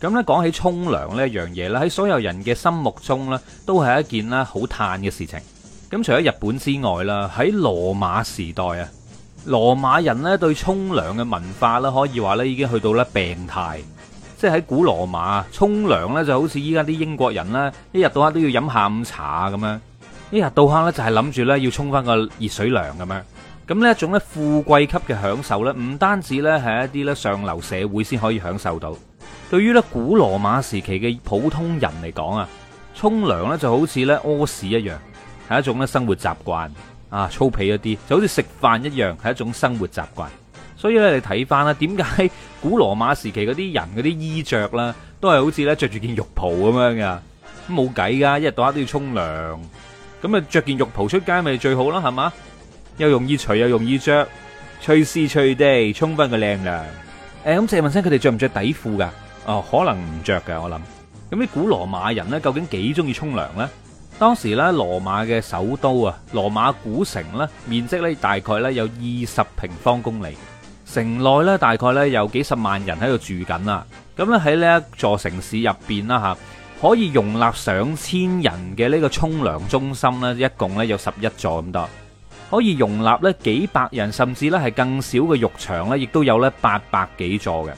咁咧講起沖涼咧樣嘢咧，喺所有人嘅心目中咧，都係一件咧好嘆嘅事情。咁除咗日本之外啦，喺羅馬時代啊，羅馬人咧對沖涼嘅文化咧，可以話咧已經去到咧病態。即係喺古羅馬啊，沖涼咧就好似依家啲英國人啦，一日到黑都要飲下午茶咁樣，一日到黑咧就係諗住咧要沖返個熱水涼咁樣。咁呢一種咧富貴級嘅享受咧，唔單止咧係一啲咧上流社會先可以享受到。對於咧古羅馬時期嘅普通人嚟講啊，沖涼咧就好似咧屙屎一樣，係一種咧生活習慣啊，粗鄙一啲，就好似食飯一樣係一種生活習慣。所以咧你睇翻啦，點解古羅馬時期嗰啲人嗰啲衣着啦，都係好似咧著住件浴袍咁樣噶，咁冇計噶，一日到黑都要沖涼，咁啊着件浴袍出街咪最好啦，係嘛？又容易除又容易着，隨時隨地沖翻個靚涼。誒，咁借問聲，佢哋着唔着底褲噶？哦，可能唔着噶，我諗。咁啲古羅馬人呢，究竟幾中意沖涼呢？當時呢，羅馬嘅首都啊，羅馬古城呢，面積呢大概呢有二十平方公里，城內呢，大概呢有幾十萬人喺度住緊啦。咁咧喺呢一座城市入邊啦，吓可以容納上千人嘅呢個沖涼中心呢，一共呢有十一座咁多。可以容納咧幾百人，甚至咧係更少嘅浴場咧，亦都有咧八百幾座嘅。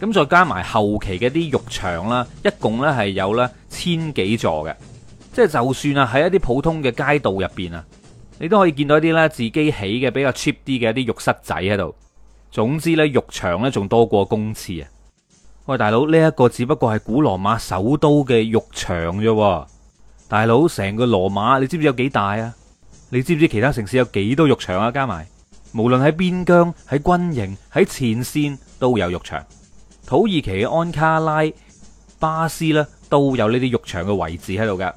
咁再加埋後期嘅啲浴場啦，一共咧係有咧千幾座嘅。即係就算啊喺一啲普通嘅街道入面，啊，你都可以見到一啲咧自己起嘅比較 cheap 啲嘅一啲浴室仔喺度。總之咧，浴場咧仲多過公廁啊！喂，大佬，呢一個只不過係古羅馬首都嘅浴場啫喎。大佬，成個羅馬你知唔知有幾大啊？你知唔知其他城市有幾多浴場啊？加埋，無論喺邊疆、喺軍營、喺前線都有浴場。土耳其安卡拉、巴斯呢都有呢啲浴場嘅位置喺度㗎。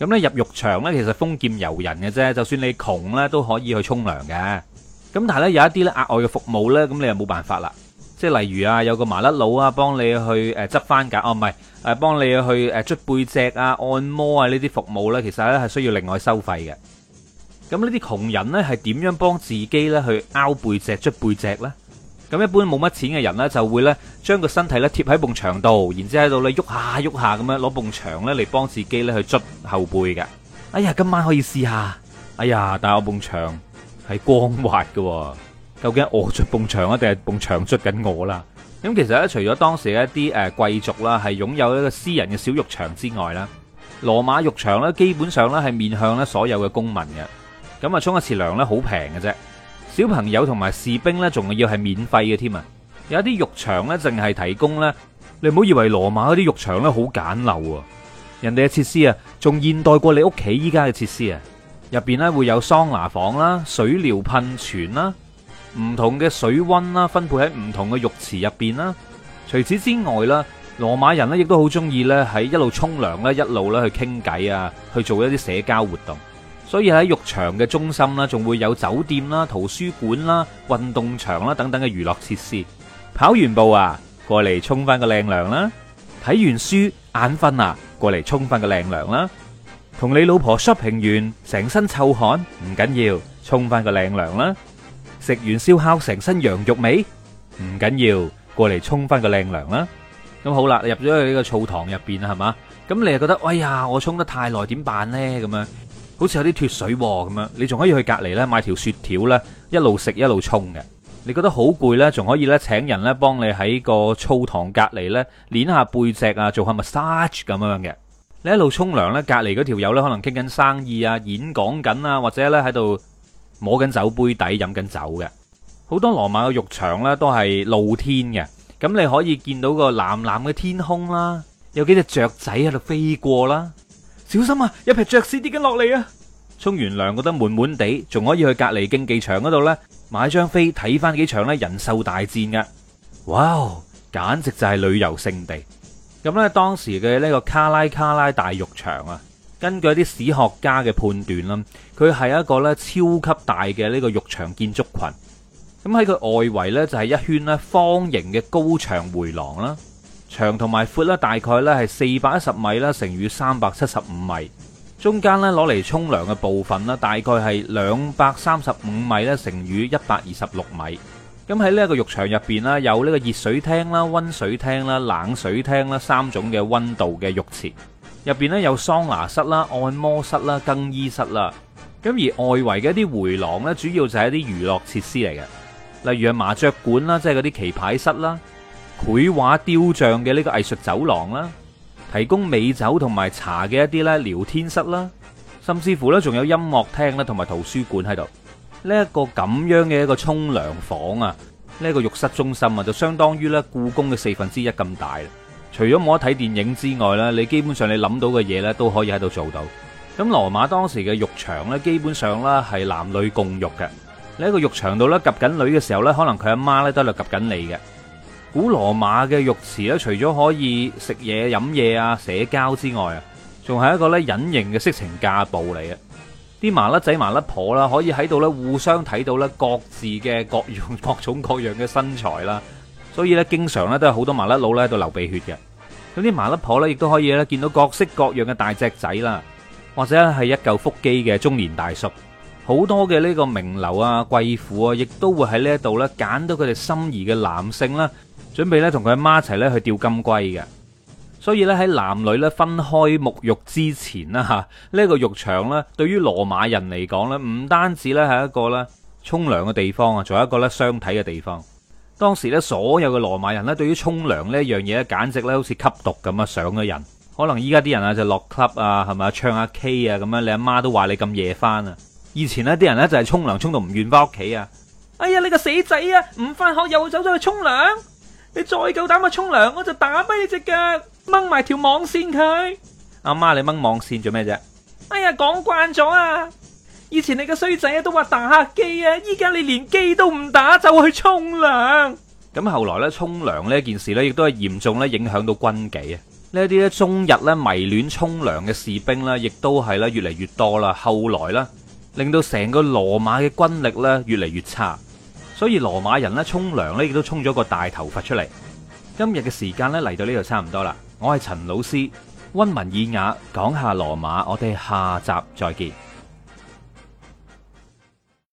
咁呢入浴場呢，其實豐儉由人嘅啫。就算你窮呢都可以去沖涼嘅。咁但係呢，有一啲咧額外嘅服務呢，咁你又冇辦法啦。即係例如啊，有個麻甩佬啊、哦，幫你去誒執返格，哦唔係幫你去誒捽背脊啊、按摩啊呢啲服務呢，其實呢係需要另外收費嘅。咁呢啲窮人咧係點樣幫自己咧去拗背脊捽背脊咧？咁一般冇乜錢嘅人咧就會咧將個身體咧貼喺埲牆度，然之後喺度咧喐下喐下咁樣攞埲牆咧嚟幫自己咧去捽後背嘅。哎呀，今晚可以試下。哎呀，但係我埲牆係光滑㗎喎，究竟我捽埲牆啊定係埲牆捽緊我啦？咁其實咧，除咗當時一啲誒貴族啦係擁有一個私人嘅小浴場之外啦，羅馬浴場咧基本上咧係面向咧所有嘅公民嘅。咁啊，沖一次涼咧好平嘅啫，小朋友同埋士兵咧仲要係免費嘅添啊！有一啲浴場咧淨係提供咧，你唔好以為羅馬嗰啲浴場咧好簡陋啊，人哋嘅設施啊仲現代過你屋企依家嘅設施啊！入邊咧會有桑拿房啦、水療噴泉啦、唔同嘅水溫啦，分配喺唔同嘅浴池入邊啦。除此之外啦，羅馬人咧亦都好中意咧喺一路沖涼咧一路咧去傾偈啊，去做一啲社交活動。所以喺浴場嘅中心啦，仲會有酒店啦、圖書館啦、運動場啦等等嘅娛樂設施。跑完步啊，過嚟沖翻個靚涼啦；睇完書眼瞓啊，過嚟沖翻個靚涼啦；同你老婆 shopping 完，成身臭汗唔緊要，沖翻個靚涼啦；食完燒烤，成身羊肉味唔緊要，過嚟沖翻個靚涼啦。咁好啦，入咗去呢個澡堂入邊啦，係嘛？咁你又覺得，哎呀，我沖得太耐，點辦呢？咁樣。好似有啲脫水喎咁樣，你仲可以去隔籬呢買條雪條呢，一路食一路沖嘅。你覺得好攰呢，仲可以呢請人呢幫你喺個澡堂隔籬呢捻下背脊啊，做下 massage 咁樣嘅。你一路沖涼呢，隔籬嗰條友呢可能傾緊生意啊，演講緊啊，或者呢喺度摸緊酒杯底飲緊酒嘅。好多羅馬嘅浴場呢都係露天嘅，咁你可以見到個藍藍嘅天空啦，有幾隻雀仔喺度飛過啦。小心啊！一劈著屎跌緊落嚟啊！沖完涼覺得悶悶地，仲可以去隔離競技場嗰度呢，買張飛睇翻幾場呢，人獸大戰嘅，哇！簡直就係旅遊勝地。咁呢，當時嘅呢個卡拉卡拉大浴場啊，根據啲史學家嘅判斷啦，佢係一個呢超級大嘅呢個浴場建築群。咁喺佢外圍呢，就係一圈呢方形嘅高牆回廊啦。長同埋闊咧，大概咧係四百一十米啦，乘以三百七十五米。中間咧攞嚟沖涼嘅部分啦，大概係兩百三十五米咧，乘以一百二十六米。咁喺呢一個浴場入邊啦，有呢個熱水廳啦、溫水廳啦、冷水廳啦三種嘅溫度嘅浴池。入邊咧有桑拿室啦、按摩室啦、更衣室啦。咁而外圍嘅啲回廊咧，主要就係一啲娛樂設施嚟嘅，例如麻雀館啦，即係嗰啲棋牌室啦。繪畫雕像嘅呢個藝術走廊啦，提供美酒同埋茶嘅一啲呢聊天室啦，甚至乎呢仲有音樂廳啦同埋圖書館喺度。呢、這個、一個咁樣嘅一個沖涼房啊，呢、這、一個浴室中心啊，就相當於呢故宮嘅四分之一咁大。除咗冇得睇電影之外呢，你基本上你諗到嘅嘢呢都可以喺度做到。咁羅馬當時嘅浴場呢，基本上呢係男女共浴嘅。呢、這、喺個浴場度呢，夾緊女嘅時候呢，可能佢阿媽呢，都喺度夾緊你嘅。古羅馬嘅浴池咧，除咗可以食嘢飲嘢啊，社交之外啊，仲係一個咧隱形嘅色情架步嚟啊！啲麻甩仔麻甩婆啦，可以喺度咧互相睇到咧各自嘅各樣各種各樣嘅身材啦，所以咧經常咧都有好多麻甩佬咧喺度流鼻血嘅。咁啲麻甩婆咧亦都可以咧見到各式各樣嘅大隻仔啦，或者係一嚿腹肌嘅中年大叔。好多嘅呢個名流啊、貴婦啊，亦都會喺呢一度咧揀到佢哋心儀嘅男性啦。準備咧同佢阿媽一齊咧去釣金龜嘅。所以咧喺男女咧分開沐浴之前啦，吓呢個浴場咧，對於羅馬人嚟講咧，唔單止咧係一個咧沖涼嘅地方啊，仲有一個咧相睇嘅地方。當時咧所有嘅羅馬人咧，對於沖涼呢一樣嘢咧，簡直咧好似吸毒咁啊！上咗癮。可能依家啲人啊就落 club 啊，係咪唱下 K 啊咁樣，你阿媽都話你咁夜翻啊。以前呢啲人咧就係沖涼沖到唔願翻屋企啊。哎呀，你個死仔啊，唔翻學又走咗去沖涼。你再夠膽去沖涼，我就打俾你隻腳掹埋條網線佢。阿媽，你掹網線做咩啫？哎呀，講慣咗啊！以前你個衰仔都話打機啊，依家你連機都唔打就去沖涼。咁後來呢，沖涼呢件事呢，亦都係嚴重咧影響到軍紀啊！呢一啲咧，終日咧迷戀沖涼嘅士兵呢，亦都係咧越嚟越多啦。後來呢，令到成個羅馬嘅軍力咧越嚟越差。所以羅馬人咧沖涼呢，亦都沖咗個大頭髮出嚟。今日嘅時間咧嚟到呢度差唔多啦。我係陳老師，溫文爾雅，講下羅馬，我哋下集再見。